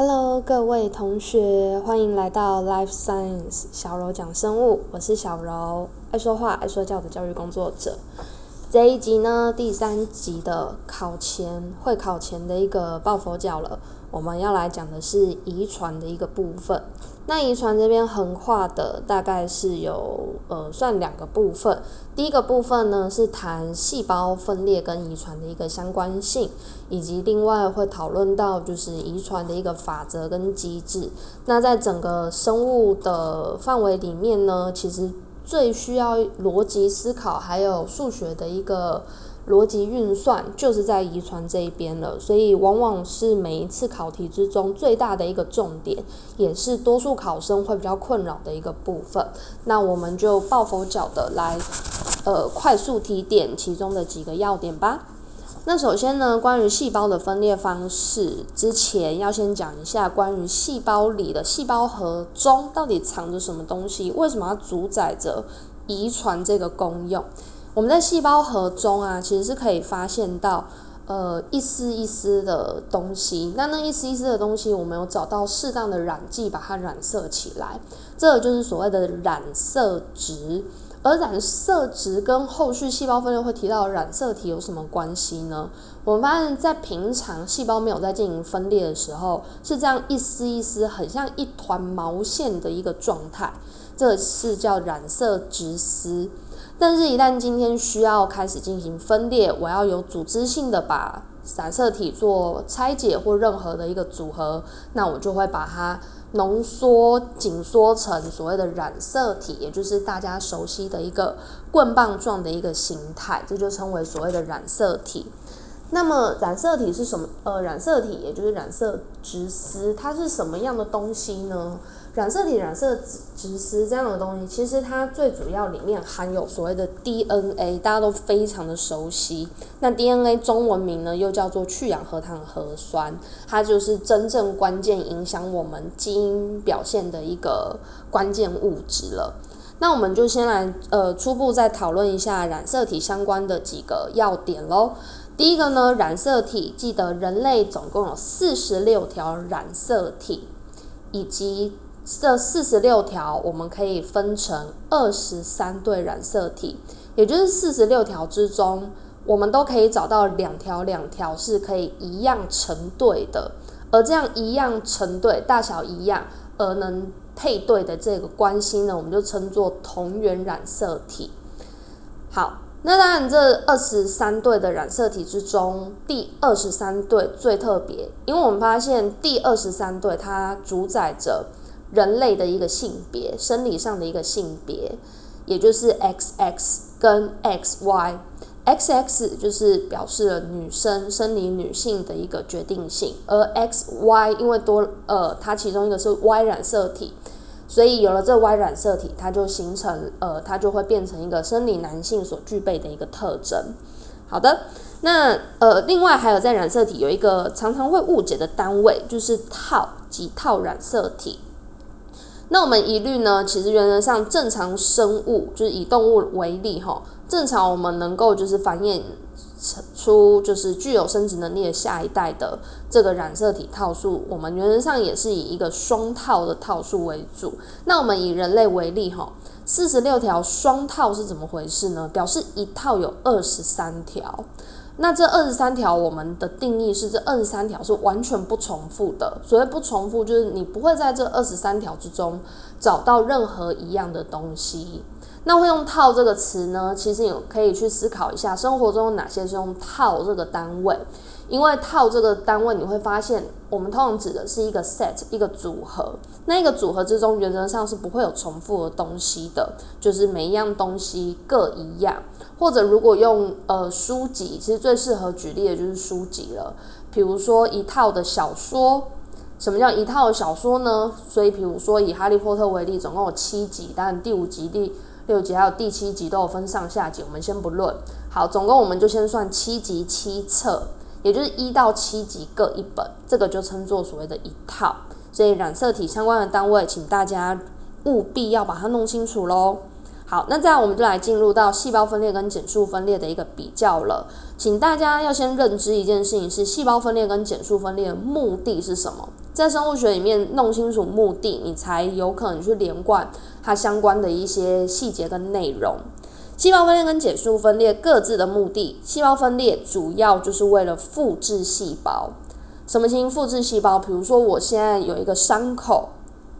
Hello，各位同學，歡迎來到 Life Science 小柔講生物，我是小柔，愛說話、愛說教的教育工作者。這一集呢，第三集的考前，會考前的一個抱佛腳了，我們要來講的是遺傳的一個部分。那遺傳這邊橫跨的大概是有呃，算兩個部分。第一個部分呢，是談細胞分裂跟遺傳的一個相關性，以及另外會討論到，就是遺傳的一個法則跟機制。那在整個生物的範圍裡面呢，其實最需要邏輯思考，還有數學的一個。邏輯運算就是在遺傳這一邊了，所以往往是每一次考題之中最大的一個重點，也是多數考生會比較困擾的一個部分。那我們就抱佛腳的來，呃，快速提點其中的幾個要點吧。那首先呢，關於細胞的分裂方式，之前要先講一下關於細胞裡的細胞核中到底藏着什麼東西，為什麼要主宰着遺傳這個功用。我們在細胞核中啊，其實是可以發現到，呃，一絲一絲的東西。那那一絲一絲的東西，我們有找到適當的染劑把它染色起來，這個、就是所謂的染色質。而染色質跟後續細胞分裂會提到染色體有什麼關係呢？我們發現在平常細胞沒有在進行分裂的時候，是這樣一絲一絲，很像一團毛線的一個狀態。這是叫染色質絲，但是，一旦今天需要開始進行分裂，我要有組織性的把染色體做拆解或任何的一個組合，那我就會把它濃縮、緊縮成所謂的染色體，也就是大家熟悉的一個棍棒狀的一個形態，這就稱為所謂的染色體。那麼，染色體是什麼？呃，染色體也就是染色質絲，它是什麼樣的東西呢？染色體、染色質、織絲這樣的東西，其實它最主要裡面含有所謂的 DNA，大家都非常的熟悉。那 DNA 中文名呢，又叫做去氧核糖核酸，它就是真正關鍵影響我們基因表現的一個關鍵物質了。那我們就先來呃，初步再討論一下染色體相關的幾個要點嘍。第一個呢，染色體，記得人類總共有四十六條染色體，以及這四十六條我們可以分成二十三對染色體，也就是四十六條之中，我們都可以找到兩條兩條是可以一樣成對的。而這樣一樣成對、大小一樣而能配對的這個關係呢，我們就稱作同源染色體。好，那當然這二十三對的染色體之中，第二十三對最特別，因為我們發現第二十三對它主宰着人類的一個性別，生理上的一個性別，也就是 X X 跟 X Y，X X 就是表示了女生，生理女性的一個決定性，而 X Y 因為多呃，它其中一個是 Y 染色體，所以有了這 Y 染色體，它就形成呃，它就會變成一個生理男性所具備的一個特徵。好的，那呃，另外還有在染色體有一個常常會誤解的單位，就是套及套染色體。那我們一律呢？其實原則上，正常生物就是以動物為例哈，正常我們能夠就是繁衍出就是具有生殖能力的下一代的這個染色體套數，我們原則上也是以一個雙套的套數為主。那我們以人類為例哈，四十六條雙套是怎麼回事呢？表示一套有二十三條。那這二十三條，我們的定義是這二十三條是完全不重複的。所謂不重複，就是你不會在這二十三條之中找到任何一樣的東西。那會用“套”這個詞呢？其實你可以去思考一下，生活中有哪些是用“套”這個單位。因為套這個單位，你會發現我們通常指的是一個 set，一個組合。那一個組合之中原則上是不會有重複的東西的，就是每一樣東西各一樣。或者如果用呃書籍，其實最適合舉例的就是書籍了。比如說一套的小說，什麼叫一套小說呢？所以比如說以哈利波特為例，總共有七集，但第五集、第六集還有第七集都有分上下集，我們先不論。好，總共我們就先算七集七冊。也就是一到七集各一本，這個就稱作所謂的“一套”。所以染色體相關的單位，請大家務必要把它弄清楚嘍。好，那這樣我們就來進入到細胞分裂跟減數分裂的一個比較了。請大家要先認知一件事情：是細胞分裂跟減數分裂的目的是什麼？在生物學裡面弄清楚目的，你才有可能去連貫它相關的一些細節跟內容。細胞分裂跟減數分裂各自的目的，細胞分裂主要就是為了複製細胞。什麼情況複製細胞？比如說我現在有一個傷口，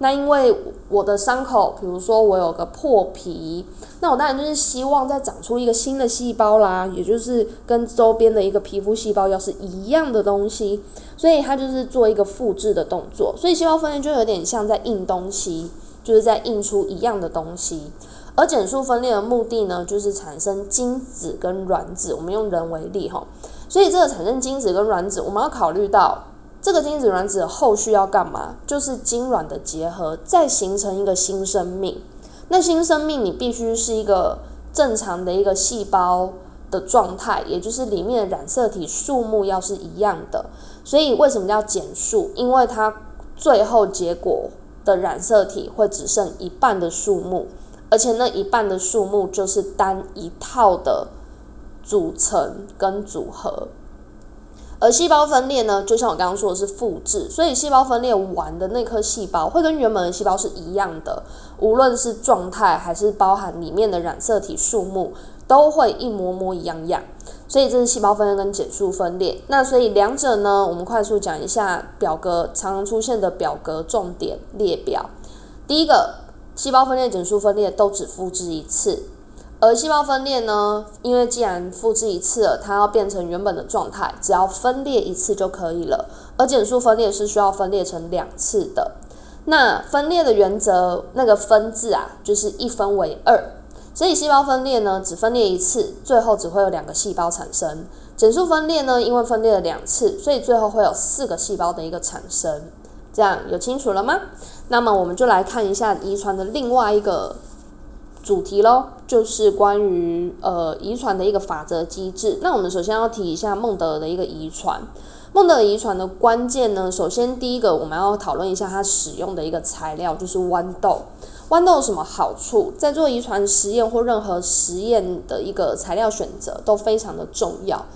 那因為我的傷口，比如說我有個破皮，那我當然就是希望再長出一個新的細胞啦，也就是跟周邊的一個皮膚細胞要是一樣的東西，所以它就是做一個複製的動作。所以細胞分裂就有點像在印東西，就是在印出一樣的東西。而減數分裂的目的呢，就是產生精子跟卵子。我們用人為例哈，所以這個產生精子跟卵子，我們要考慮到這個精子、卵子的後續要幹嘛，就是精卵的結合，再形成一個新生命。那新生命你必須是一個正常的一個細胞的狀態，也就是裡面的染色體數目要是一樣的。所以為什麼要減數？因為它最後結果的染色體會只剩一半的數目。而且那一半的數目就是單一套的組成跟組合，而細胞分裂呢，就像我剛剛說的是複製，所以細胞分裂完的那顆細胞會跟原本的細胞是一樣的，無論是狀態還是包含裡面的染色體數目，都會一模模一樣樣。所以這是細胞分裂跟減數分裂。那所以兩者呢，我們快速講一下表格常常出現的表格重點列表。第一個。細胞分裂、減數分裂都只複製一次，而細胞分裂呢，因為既然複製一次了，它要變成原本的狀態，只要分裂一次就可以了。而減數分裂是需要分裂成兩次的。那分裂的原則，那個“分”字啊，就是一分為二。所以細胞分裂呢，只分裂一次，最後只會有兩個細胞產生。減數分裂呢，因為分裂了兩次，所以最後會有四個細胞的一個產生。這樣有清楚了嗎？那麼我們就來看一下遺傳的另外一個主題嘍，就是關於呃遺傳的一個法則機制。那我們首先要提一下孟德爾的一個遺傳。孟德爾遺傳的關鍵呢，首先第一個我們要討論一下他使用的一個材料，就是豌豆。豌豆有什麼好處？在做遺傳實驗或任何實驗的一個材料選擇都非常的重要。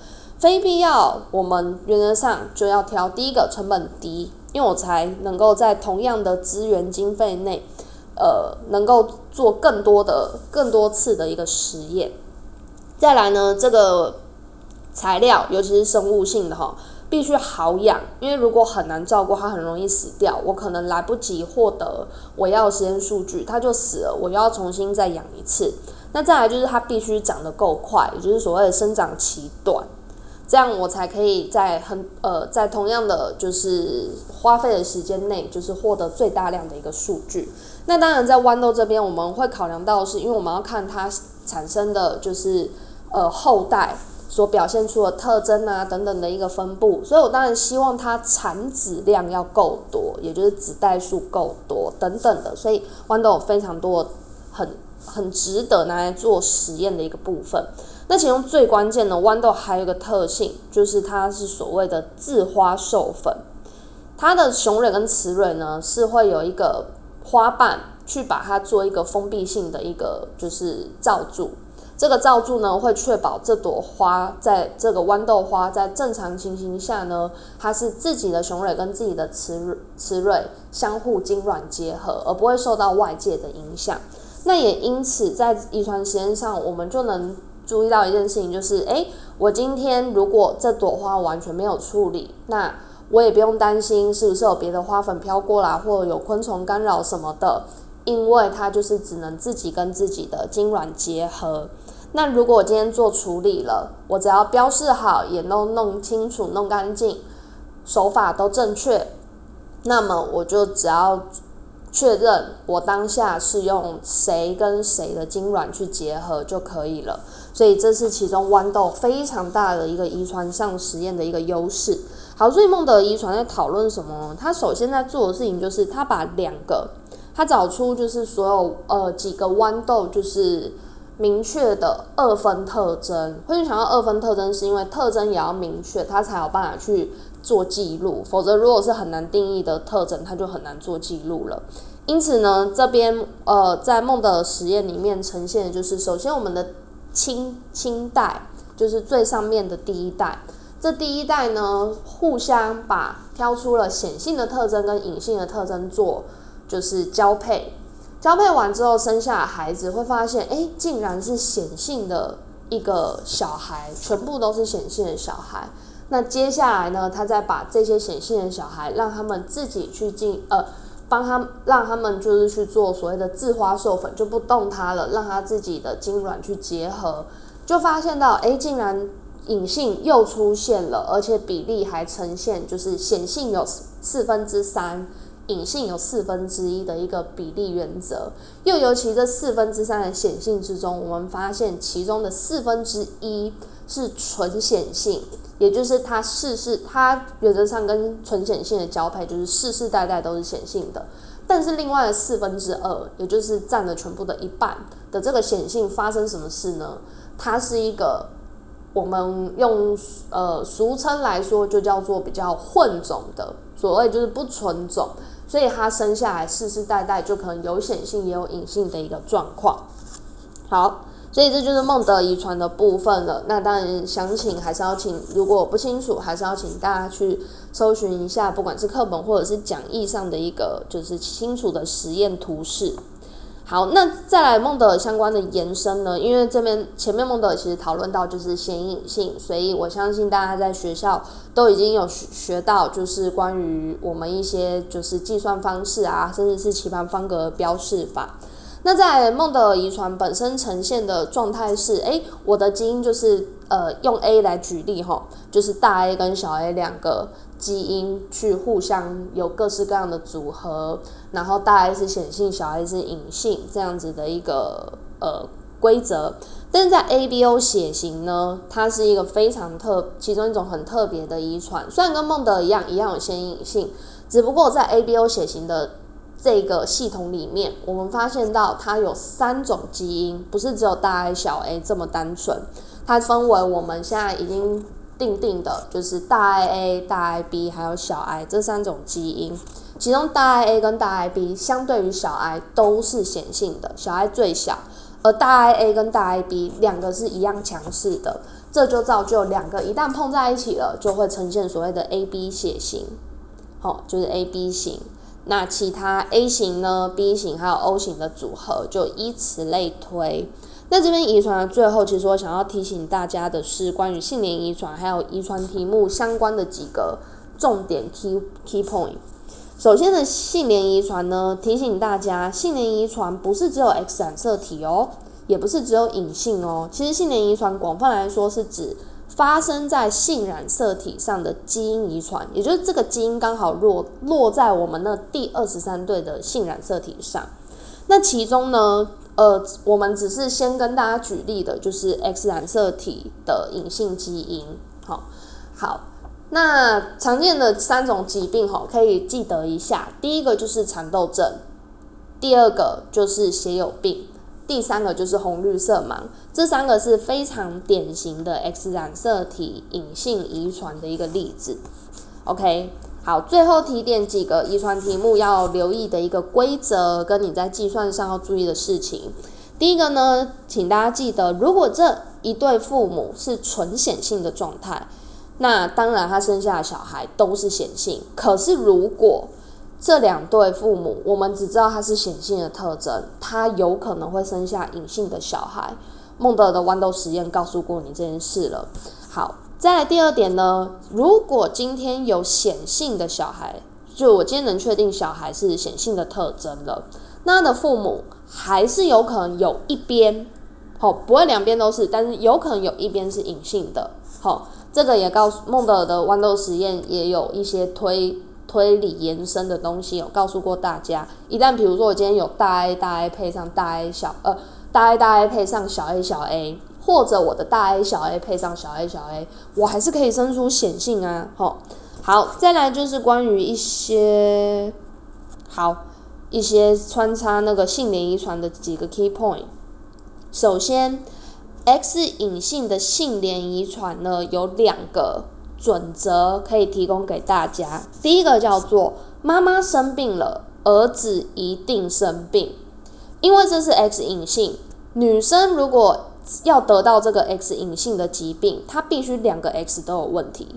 非必要，我們原則上就要挑第一個成本低，因為我才能夠在同樣的資源經費內，呃，能夠做更多的，更多次的一個實驗。再來呢，這個材料尤其是生物性的哈，必須好養，因為如果很難照顧，它很容易死掉。我可能來不及獲得我要的實驗數據，它就死了。我要重新再養一次。那再來就是它必須長得夠快，也就是所謂的生長期短。這樣我才可以在很呃在同樣的就是花費的時間內，就是獲得最大量的一個數據。那當然，在豌豆這邊，我們會考量到，是因為我們要看它產生的就是呃後代所表現出的特徵啊等等的一個分布。所以我當然希望它產子量要夠多，也就是子代數夠多等等的。所以豌豆有非常多很很值得拿來做實驗的一個部分。那其中最關鍵的豌豆還有一個特性，就是它是所謂的自花授粉。它的雄蕊跟雌蕊呢，是會有一個花瓣去把它做一個封閉性的一個就是罩住。這個罩住呢，會確保這朵花在這個豌豆花在正常情形下呢，它是自己的雄蕊跟自己的雌雌蕊相互精卵結合，而不會受到外界的影響。那也因此在遺傳實驗上，我們就能。注意到一件事情，就是哎、欸，我今天如果這朵花完全沒有處理，那我也不用擔心是不是有別的花粉飄過來，或有昆蟲干擾什麼的，因為它就是只能自己跟自己的精卵結合。那如果我今天做處理了，我只要標示好，也都弄，弄清楚、弄乾淨，手法都正確，那麼我就只要確認我當下是用誰跟誰的精卵去結合就可以了。所以這是其中豌豆非常大的一個遺傳上實驗的一個優勢。好，所以孟德爾遺傳在討論什麼呢？他首先在做的事情就是他把兩個，他找出就是所有呃幾個豌豆就是明確的二分特徵。或者想要二分特徵，是因為特徵也要明確，他才有辦法去做記錄。否則如果是很難定義的特徵，他就很難做記錄了。因此呢，這邊呃在孟德爾實驗裡面呈現的就是，首先我們的。親親代就是最上面的第一代，這第一代呢，互相把挑出了顯性的特徵跟隱性的特徵做就是交配，交配完之後生下的孩子會發現，誒，竟然是顯性的一個小孩，全部都是顯性的小孩。那接下來呢，他再把這些顯性的小孩讓他們自己去進呃。幫他讓他們就是去做所謂的自花授粉，就不動它了，讓它自己的精卵去結合，就發現到哎、欸，竟然隱性又出現了，而且比例還呈現就是顯性有四分之三，隱性有四分之一的一個比例原則。又尤其這四分之三的顯性之中，我們發現其中的四分之一是純顯性。也就是它，世世它原則上跟純顯性的交配，就是世世代代都是顯性的。但是另外的四分之二，也就是佔了全部的一半的這個顯性發生什麼事呢？它是一個我們用呃俗稱來說就叫做比較混種的，所謂就是不純種，所以它生下來世世代代就可能有顯性也有隱性的一個狀況。好。所以這就是孟德遺傳的部分了。那當然，詳情還是要請，如果不清楚，還是要請大家去搜尋一下，不管是課本或者是講義上的一個就是清楚的實驗圖示。好，那再來孟德相關的延伸呢？因為這邊前面孟德其實討論到就是顯隱性，所以我相信大家在學校都已經有學學到，就是關於我們一些就是計算方式啊，甚至是棋盤方格標示法。那在孟德爾遺傳本身呈現的狀態是，哎、欸，我的基因就是，呃，用 A 來舉例吼，就是大 A 跟小 a 兩個基因去互相有各式各樣的組合，然後大 A 是顯性，小 a 是隱性，這樣子的一個呃規則。但是在 ABO 血型呢，它是一個非常特，其中一種很特別的遺傳，雖然跟孟德爾一樣，一樣有顯隱性，只不過在 ABO 血型的。這個系統裡面，我們發現到它有三種基因，不是只有大 I 小 i 這麼單純。它分為我們現在已經定定的，就是大 IA 大 IB 還有小 i 這三種基因。其中大 IA 跟大 IB 相對於小 i 都是顯性的，小 i 最小。而大 IA 跟大 IB 兩個是一樣強勢的，這就造就兩個一旦碰在一起了，就會呈現所謂的 AB 血型，好、哦，就是 AB 型。那其他 A 型呢？B 型還有 O 型的組合就依此類推。那這邊遺傳的最後，其實我想要提醒大家的是關於性聯遺傳還有遺傳題目相關的幾個重點 key key point。首先的性聯遺傳呢，提醒大家，性聯遺傳不是只有 X 染色體哦，也不是只有隱性哦。其實性聯遺傳廣泛來說是指。發生在性染色體上的基因遺傳，也就是這個基因剛好落落在我們的第二十三對的性染色體上。那其中呢，呃，我們只是先跟大家舉例的，就是 X 染色體的隱性基因。好，好，那常見的三種疾病哈，可以記得一下。第一個就是蠶豆症，第二個就是血友病。第三個就是紅綠色盲，這三個是非常典型的 X 染色體隱性遺傳的一個例子。OK，好，最後提點幾個遺傳題目要留意的一個規則，跟你在計算上要注意的事情。第一個呢，請大家記得，如果這一對父母是純顯性的狀態，那當然他生下的小孩都是顯性，可是如果這兩對父母，我們只知道他是顯性的特徵，他有可能會生下隱性的小孩。孟德爾的豌豆實驗告訴過你這件事了。好，再來第二點呢？如果今天有顯性的小孩，就我今天能確定小孩是顯性的特徵了，那他的父母還是有可能有一邊，好、哦，不會兩邊都是，但是有可能有一邊是隱性的。好、哦，這個也告訴孟德爾的豌豆實驗也有一些推。推理延伸的東西有告訴過大家，一旦比如說我今天有大 A 大 A 配上大 A 小，呃，大 A 大 A 配上小 A 小 A，或者我的大 A 小 A 配上小 A 小 A，我還是可以生出顯性啊。吼，好，再來就是關於一些好一些穿插那個性聯遺傳的幾個 key point。首先，X 隱性的性聯遺傳呢有兩個。準則可以提供給大家。第一個叫做“媽媽生病了，兒子一定生病”，因為這是 X 隱性。女生如果要得到這個 X 隱性的疾病，她必須兩個 X 都有問題。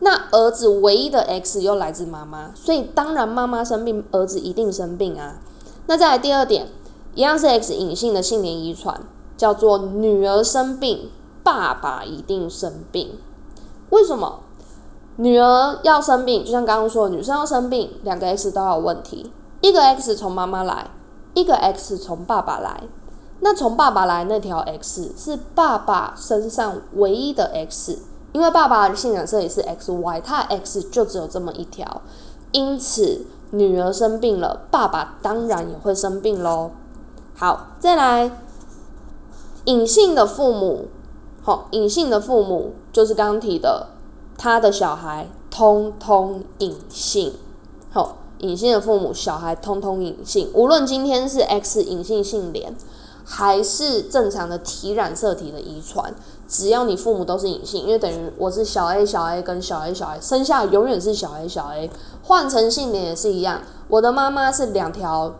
那兒子唯一的 X 又來自媽媽，所以當然媽媽生病，兒子一定生病啊。那再來第二點，一樣是 X 隱性的性聯遺傳，叫做“女兒生病，爸爸一定生病”。為什麼女兒要生病？就像剛剛說的，女生要生病，兩個 X 都有問題。一個 X 從媽媽來，一個 X 從爸爸來。那從爸爸來那條 X 是爸爸身上唯一的 X，因為爸爸的性染色體是 XY，他的 X 就只有這麼一條。因此，女兒生病了，爸爸當然也會生病嘍。好，再來隱性的父母。好，隱性的父母就是剛剛提的，他的小孩通通隱性。好，隱性的父母小孩通通隱性，無論今天是 X 隱性性聯，還是正常的體染色體的遺傳，只要你父母都是隱性，因為等於我是小 A 小 A 跟小 A 小 A，生下永遠是小 A 小 A。換成性聯也是一樣，我的媽媽是兩條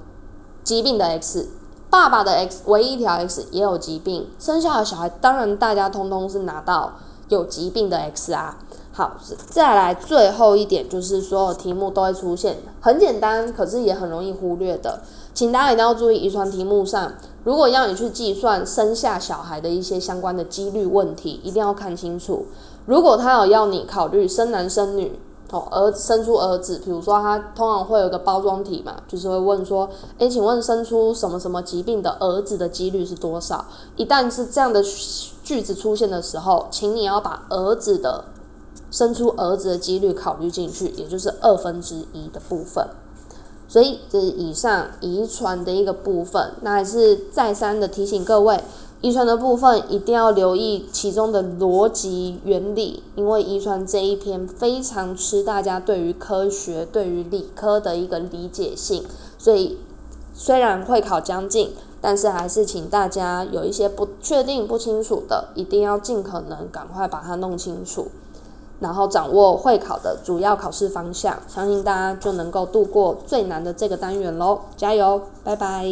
疾病的 X。爸爸的 X 唯一一條 X 也有疾病，生下的小孩當然大家通通是拿到有疾病的 X 啊。好，再來最後一點，就是所有題目都會出現，很簡單，可是也很容易忽略的，請大家一定要注意遺傳題目上，如果要你去計算生下小孩的一些相關的幾率問題，一定要看清楚。如果他有要你考慮生男生女。哦，兒生出兒子，比如說他通常會有一個包裝體嘛，就是會問說，哎、欸，請問生出什麼什麼疾病的兒子的幾率是多少？一旦是這樣的句子出現的時候，請你要把兒子的生出兒子的幾率考慮進去，也就是二分之一的部分。所以這是以上遺傳的一個部分。那還是再三的提醒各位。遺傳的部分一定要留意其中的邏輯原理，因為遺傳這一篇非常吃大家對於科學、對於理科的一個理解性。所以雖然會考將近，但是還是請大家有一些不確定、不清楚的，一定要盡可能趕快把它弄清楚，然後掌握會考的主要考試方向，相信大家就能夠度過最難的這個單元嘍！加油，拜拜。